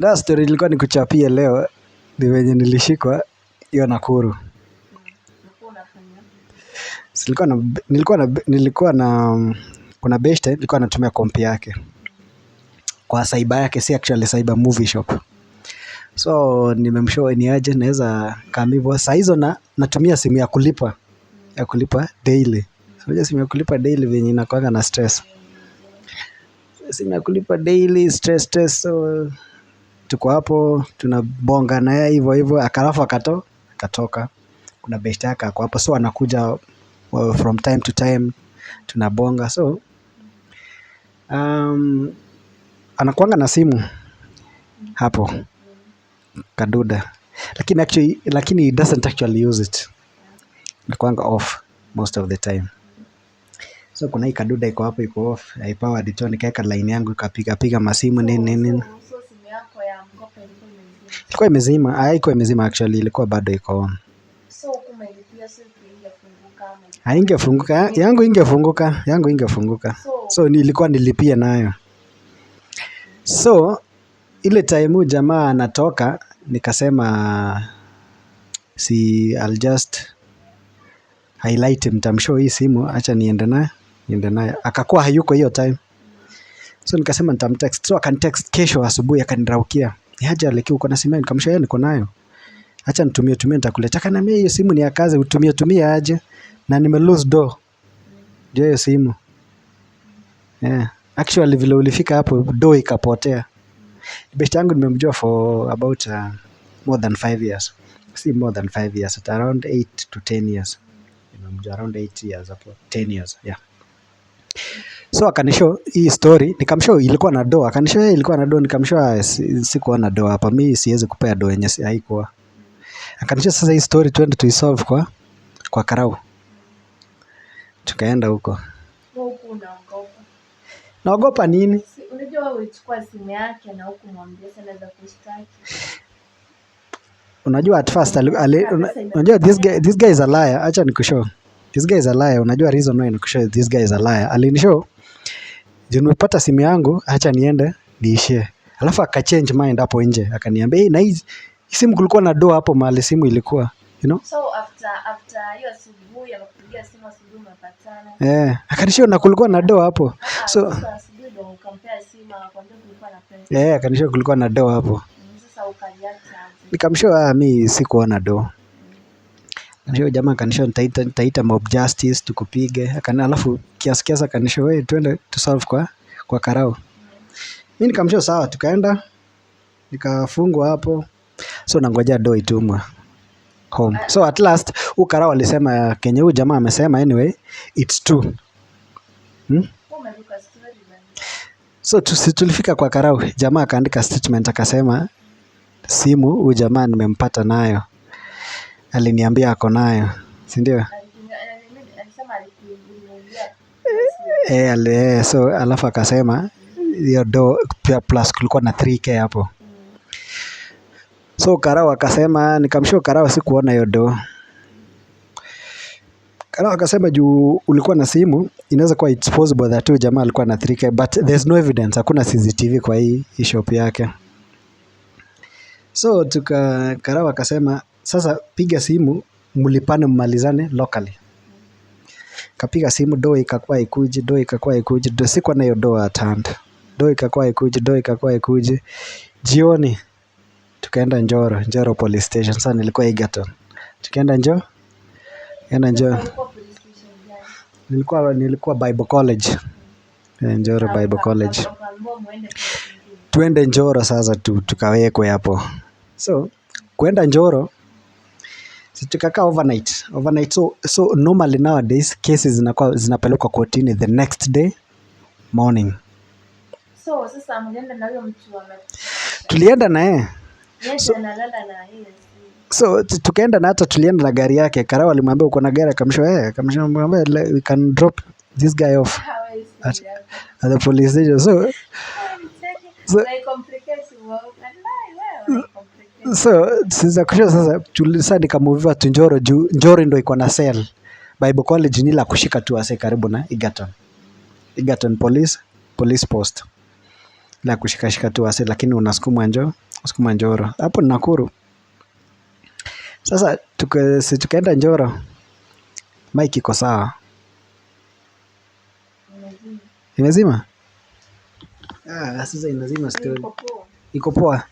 That story ni kuchapia leo ni venye nilishikwa hiyo Nakuru. Nilikuwa na nilikuwa na nilikuwa na kuna beshte nilikuwa natumia kompi yake. Kwa saiba yake si actually saiba movie shop. So nimemshow ni aje naweza kama hivyo saa hizo na natumia simu ya kulipa ya kulipa daily. Unajua simu ya kulipa daily venye inakuanga na stress simu ya kulipa daily stress test. So tuko hapo tunabonga na yeye hivyo hivyo, akalafu akato akatoka. Kuna best yake ako hapo, so anakuja well, from time to time tunabonga so um, anakuanga na simu hapo Kaduda, lakini actually, lakini he doesn't actually use it, anakuanga off most of the time. So kuna hii kaduda iko hapo iko off, I tu nikaweka line yangu ikapiga piga masimu nini nini. Ilikuwa imezima, ah, haikuwa imezima actually, ilikuwa bado iko on. Haingefunguka, yangu ingefunguka, yangu ingefunguka. So nilikuwa nilipia nayo. So ile time jamaa anatoka nikasema si I'll just highlight mtamshow hii simu, acha niende nayo niende naye, Akakuwa hayuko hiyo time. So nikasema nitamtext. So akanitext kesho asubuhi akaniraukia. Ni haja alikuwa uko na simu yako? yeye niko nayo. Acha nitumie tumie nitakuletea. Kana mimi hiyo simu ni ya kazi utumie tumie aje. Na nime lose door. Ndio hiyo simu. Yeah. Actually vile ulifika hapo door ikapotea. Best yangu nimemjua for about uh, more than 5 years. Si more than 5 years, at around 8 to 10 years. Nimemjua around 8 years hapo, 10 years. Yeah. So akanisho hii story, nikamsho ilikuwa na doa, akanisho yeye ilikuwa na doa, nikamsho ah, sikuwa na doa hapa, mimi siwezi kupea doa yenye haikuwa. Akanisho sasa hii story twende solve kwa kwa karau. Tukaenda huko. Naogopa nini? Unajua ulichukua simu yake na huku mwambie sana za kushtaki. Unajua at first, unajua this guy, this guy is a liar. Acha nikushow this guy is a liar. Unajua reason why nakushow this guy is a liar. Alinishow nimepata simu yangu, acha niende niishie. Alafu aka change mind hapo nje akaniambia, hey, na hii simu kulikuwa na doa hapo mahali simu ilikuwa you know? So after after hiyo asubuhi akakupigia simu asubuhi umepatana. Eh, akanishow na kulikuwa na doa hapo. Ah, so asubuhi ndio ukampea simu akwambia kulikuwa na pesa. Eh, akanishow kulikuwa na doa hapo. Mm, sasa ukajiacha. Nikamshow ah, mimi sikuona doa na hiyo jamaa akanisho nitaita, nitaita mob justice tukupige, Akana alafu kiasi kiasi akanisho wewe, twende solve kwa, kwa karao. Mimi nikamsho sawa, tukaenda nikafungwa hapo, so nangoja do itumwa home. So at last u karao alisema kenye huyu jamaa amesema, anyway it's true hmm? So tulifika kwa karao, jamaa akaandika statement akasema, simu huyu jamaa nimempata nayo Aliniambia ako nayo si ndio? Eh, eh, eh, so alafu akasema hiyo do plus kulikuwa na 3k hapo, so Karau akasema, nikamshow Karau sikuona hiyo do. Karau akasema juu ulikuwa na simu, inaweza kuwa it's possible that huyu jamaa alikuwa na 3k but there's no evidence, hakuna CCTV kwa hii shop yake. So tuka Karau akasema sasa piga simu mlipane mmalizane locally. Kapiga simu do ikakuwa ikuji, do ikakuwa ikuji, do sikuwa nayo do atanda, Do ikakuwa ikuji, do ikakuwa ikuji. Jioni tukaenda Njoro, Njoro police station. Sasa nilikuwa Egerton. Tukaenda Njoro, enda Njoro. Nilikuwa nilikuwa Bible College. Eh, Njoro Bible College. Tuende Njoro sasa tu, tukawekwe hapo. So, kwenda Njoro zitakaa overnight overnight. So, so normally nowadays cases zinakuwa zinapelekwa kotini the next day morning. So sasa mlienda na huyo mtu wa tulienda na naye so, so tukaenda na hata tulienda na gari yake. Karao alimwambia uko na gari, akamsho eh akamsho mwambie we can drop this guy off at, at the police station so, so, so so sasa kusha sasa tulisa nikamoviwa tu Njoro juu Njoro ndo iko na cell Bible College ni la kushika tu ase karibu na Egerton Egerton police police post la shika tu ase, lakini unasukuma njo sukuma Njoro hapo Nakuru. Sasa si tukaenda Njoro, mike iko sawa, imezima ah, sasa inazima story iko poa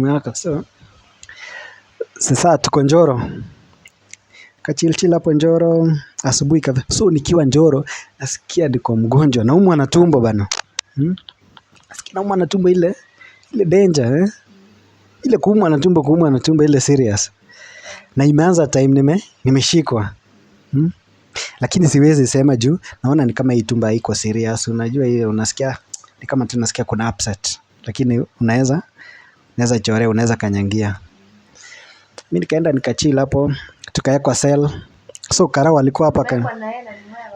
miaka so sasa tuko Njoro kachilchila hapo Njoro asubuhi kadha. So nikiwa Njoro nasikia niko mgonjwa, naumwa na tumbo bana, hmm? Nasikia naumwa na tumbo, ile ile danger eh? Ile kuumwa na tumbo, kuumwa na tumbo ile serious, na imeanza time nime nimeshikwa hmm? Lakini siwezi sema juu naona ni kama hii tumbo haiko serious. Unajua hiyo unasikia ni kama tunasikia kuna upset, lakini unaweza Unaeza chorea, unaweza kanyangia Mimi nikaenda nikachill hapo kwa cell So Karau alikuwa hapa kan.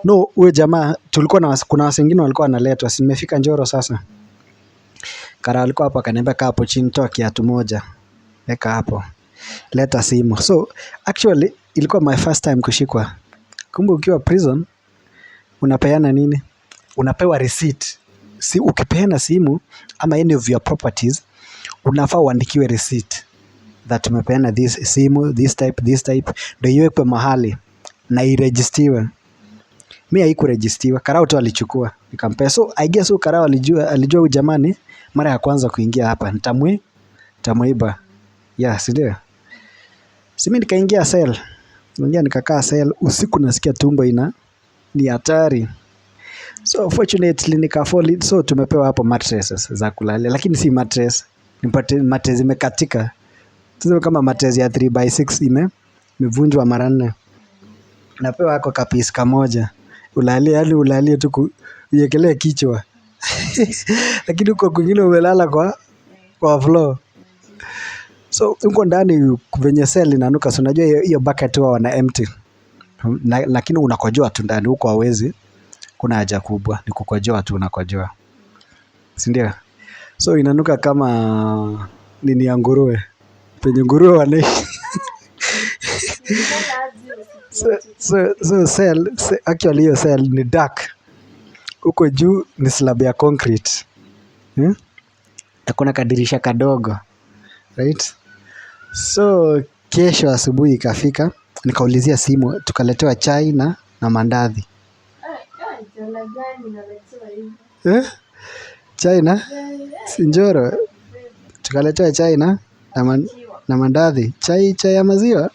No, huyo jamaa tulikuwa na kuna wasi wengine walikuwa wanaletwa Simefika Njoro sasa Karau alikuwa hapa akaniambia kaa hapo chini toa kiatu moja Weka hapo Leta simu So actually ilikuwa my first time kushikwa Kumbe ukiwa prison Unapeana nini? Unapewa receipt si, Ukipeana simu ama any of your properties unafaa uandikiwe receipt that umepeana this simu this type this type, ndio iwekwe mahali na irejistiwe. Mimi haikurejistiwa, Karau tu alichukua nikampea. So I guess huyu Karau alijua, alijua huyu jamani, mara ya kwanza kuingia hapa nitamwi tamuiba, yeah, si ndio? Simi nikaingia cell, nikaingia nikakaa cell usiku, nasikia tumbo ina ni hatari so fortunately nikafall, so tumepewa hapo mattresses za kulalia, lakini si mattress nipate mate zimekatika. Tuseme kama matezi ya 3 by 6 ime imevunjwa mara nne, napewa yako kapisi kamoja, ulalie yani ulalie tu uiekelee kichwa lakini huko kwingine umelala kwa kwa floor. So huko ndani venye cell inanuka, so unajua hiyo bucket huwa wana empty na, lakini unakojoa tu ndani huko, hawezi kuna haja kubwa ni kukojoa tu, unakojoa si ndio? So inanuka kama nini ya nguruwe. Penye nguruwe wanaishi. So, so, so cell, actually hiyo cell ni dark. Huko juu ni slab ya concrete. Hmm? Hakuna kadirisha kadogo. Right? So kesho asubuhi ikafika, nikaulizia simu, tukaletewa chai na na mandazi. Eh? eh China si njoro tukaletewa chai na na mandazi chai chai ya maziwa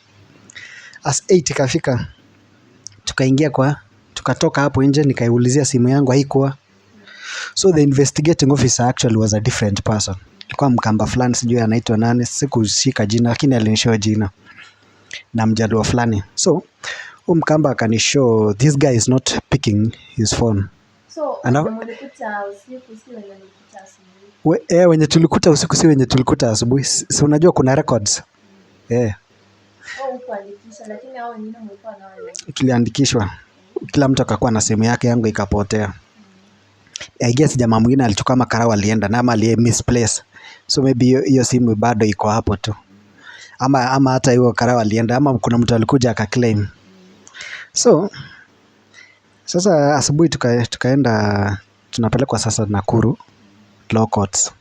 as 8 ikafika tukaingia kwa tukatoka hapo nje nikaiulizia simu yangu haikuwa so the investigating officer actually was a different person alikuwa mkamba fulani sijui anaitwa nani sikushika jina lakini alinishow jina na mjaluo fulani so huyu mkamba akanishow this guy is not picking his phone we, eh, wenye tulikuta usiku si wenye tulikuta asubuhi, si unajua kuna records mm. eh, tuliandikishwa kila mtu akakuwa na simu yake, yangu ikapotea. Mm. I guess jamaa mwingine alichukua makarao, alienda na ama ali misplace, so maybe hiyo simu bado iko hapo tu, ama ama hata hiyo karau alienda, ama kuna mtu alikuja akaclaim mm. so sasa asubuhi tukaenda tunapelekwa sasa Nakuru law courts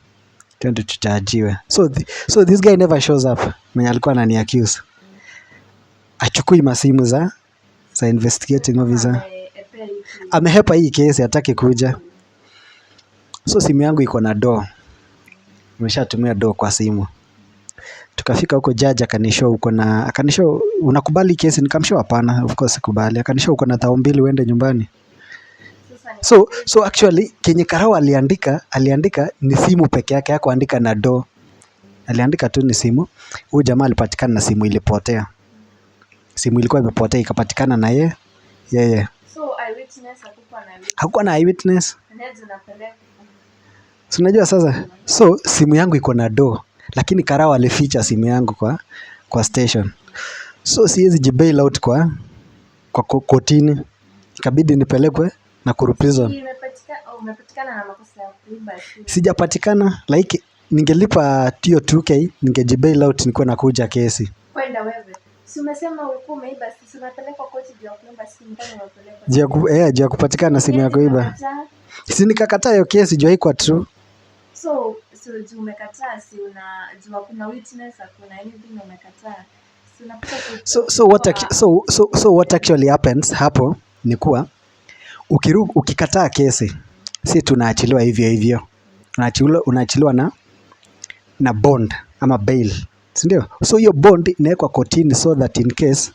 tuchajiwe tujajiwe so, so this guy never shows up mwenye alikuwa anani accuse achukui masimu za za investigating officer amehepa hii kesi hataki kuja so simu yangu iko na do nimeshatumia do kwa simu Tukafika huko jaji akanishow uko na akanishow unakubali kesi, nikamshow hapana, of course kubali. Akanishow uko na tao mbili uende nyumbani. So, so actually kenye Karau aliandika aliandika ni simu peke yake, hakuandika na do, aliandika tu ni simu. Huyu jamaa alipatikana na simu ilipotea, simu ilikuwa imepotea ikapatikana na ye yeye yeah, yeah. Hakukuwa na eyewitness, unajua sasa. So simu yangu iko na do lakini Karau alificha simu yangu kwa, kwa station So siwezi jibail out kwa, kwa kotini ikabidi nipelekwe Nakuru prison oh, Sijapatikana like ningelipa tio 2k ningejibail out nikuwe nakuja kesi Kwenda wewe. juu ya kupatikana simu ya yaani kuiba si nikakataa hiyo kesi jua iko true So so juu umekataa si una juu hakuna witness hakuna anything umekataa so, so, what, ac so, so, so what actually happens hapo ni kuwa ukiru, ukikataa kesi si tunaachiliwa hivyo hivyo unaachiliwa, unaachiliwa na, na bond ama bail si ndio? So hiyo bond inawekwa kotini so that in case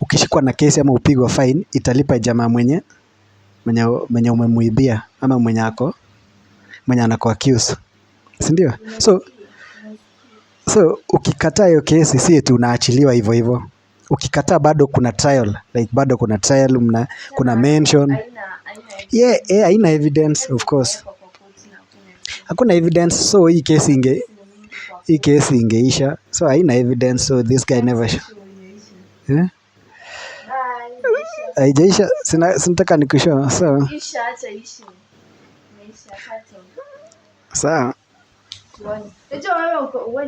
ukishikwa na kesi ama upigwa fine italipa jamaa mwenye mwenye, mwenye umemuibia ama mwenye ako mwenye anako accuse sindio? So, so ukikataa hiyo kesi si eti unaachiliwa hivyo hivyo. Ukikataa bado kuna trial, like bado kuna trial mna, kuna mention yeah, yeah, haina evidence of course, hakuna evidence. So hii kesi inge hii kesi ingeisha, so haina evidence, so this guy yaani never yeah? Eh? Haijaisha, sinataka nikushow so sawa 我你，这玩意我我问你。